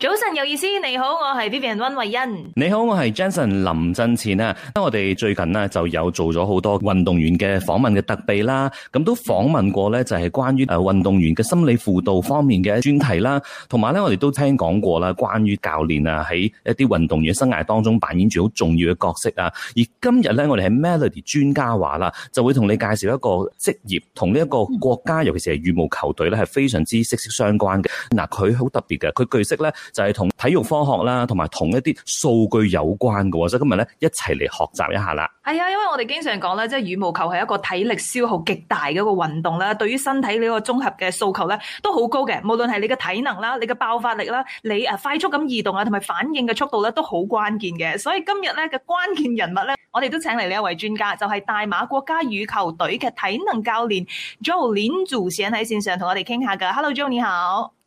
早晨有意思，你好，我係 Vivian 溫慧欣。你好，我係 Jenson 林振前啦。咁我哋最近咧就有做咗好多運動員嘅訪問嘅特備啦，咁都訪問過咧就係關於誒運動員嘅心理輔導方面嘅專題啦，同埋咧我哋都聽講過啦，關於教練啊喺一啲運動員生涯當中扮演住好重要嘅角色啊。而今日咧我哋喺 Melody 專家話啦，就會同你介紹一個職業同呢一個國家，尤其是係羽毛球隊咧係非常之息息相關嘅。嗱，佢好特別嘅，佢據悉咧。就係、是、同體育科學啦，同埋同一啲數據有關嘅，所以今日咧一齊嚟學習一下啦。係啊，因為我哋經常講咧，即、就、係、是、羽毛球係一個體力消耗極大嘅一個運動啦。對於身體呢個綜合嘅訴求咧，都好高嘅。無論係你嘅體能啦，你嘅爆發力啦，你誒快速咁移動啊，同埋反應嘅速度咧，都好關鍵嘅。所以今日咧嘅關鍵人物咧，我哋都請嚟呢一位專家，就係、是、大馬國家羽球隊嘅體能教練 Joe 林祖賢喺線上同我哋傾下噶。Hello，Joe 你好。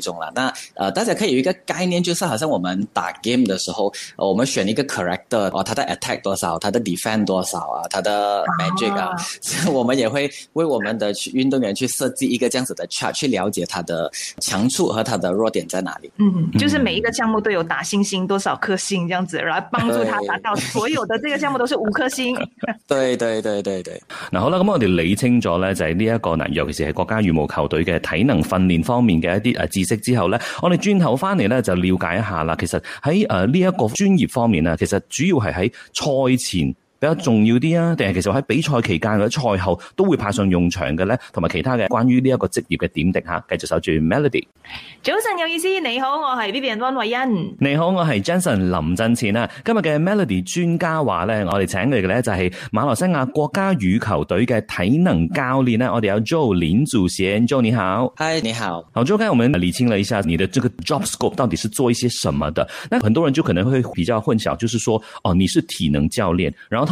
追蹤啦，那，呃，大家可以有一個概念，就是好像我們打 game 的時候，呃，我們選一個 character 的，哦，他的 attack 多少，他的 defend 多少啊，他的 magic 啊，啊我們也會為我們的運動員去設計一個這樣子的 chart，去了解他的強處和他的弱點在哪裏。嗯，就是每一個項目都有打星星，多少顆星這樣子，然後幫助他達到所有的這個項目都是五顆星。對對對對對，那、嗯、好啦，咁我哋理清楚咧，就係呢一個，呢，尤其是係國家羽毛球隊嘅體能訓練方面嘅一啲誒之後咧，我哋轉頭翻嚟咧，就了解一下啦。其實喺誒呢一個專業方面，其實主要係喺賽前。比較重要啲啊，定係其實喺比賽期間或者賽後都會派上用場嘅咧，同埋其他嘅關於呢一個職業嘅點滴吓，繼續守住 Melody。早晨有意思，你好，我係呢邊温偉恩。你好，我係 j a n s o n 林振前啊。今日嘅 Melody 專家話咧，我哋請嚟嘅咧就係馬來西亞國家羽球隊嘅體能教練呢我哋有 Jo 林祖賢 Jo 你好 h 你好，好 Jo，我們理清了一下你的這個 job scope 到底是做一些什麼的。那很多人就可能會比較混淆，就是說哦，你是體能教練，然後。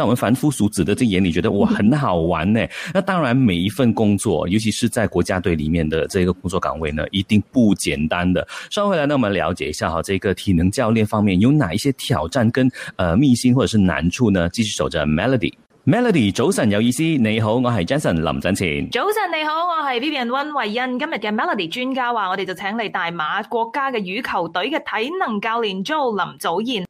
在我們凡夫俗子的這眼裏，覺得哇很好玩呢、欸。那當然，每一份工作，尤其是在國家隊裏面的這個工作崗位呢，一定不簡單的。稍後回來，讓我們了解一下哈，這個體能教練方面有哪一些挑戰跟呃秘辛或者是難處呢？繼續守着 Melody，Melody，早晨有意思你，你好，我是 Jason 林振前。早晨你好，我係 Vivian 溫慧恩。今日嘅 Melody 專家話，我哋就請嚟大馬國家嘅羽球隊嘅體能教練 Joe 林祖賢。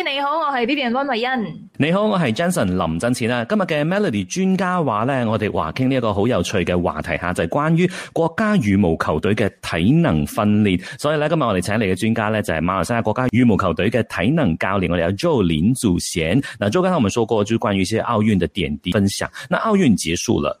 你好，我係呢邊溫慧恩。你好，我是 Jenson 林振錢啦。今日的 Melody 專家話呢，我們話傾呢一個很有趣的話題下，下就是關於國家羽毛球隊的體能訓練。所以呢今日我們請嚟的專家呢，就是馬來西亞國家羽毛球隊的體能教練，我們有 Joe 林祖賢。那 Joe 剛才我們說過，就是，關於一些奧運的點滴分享。那奧運結束了。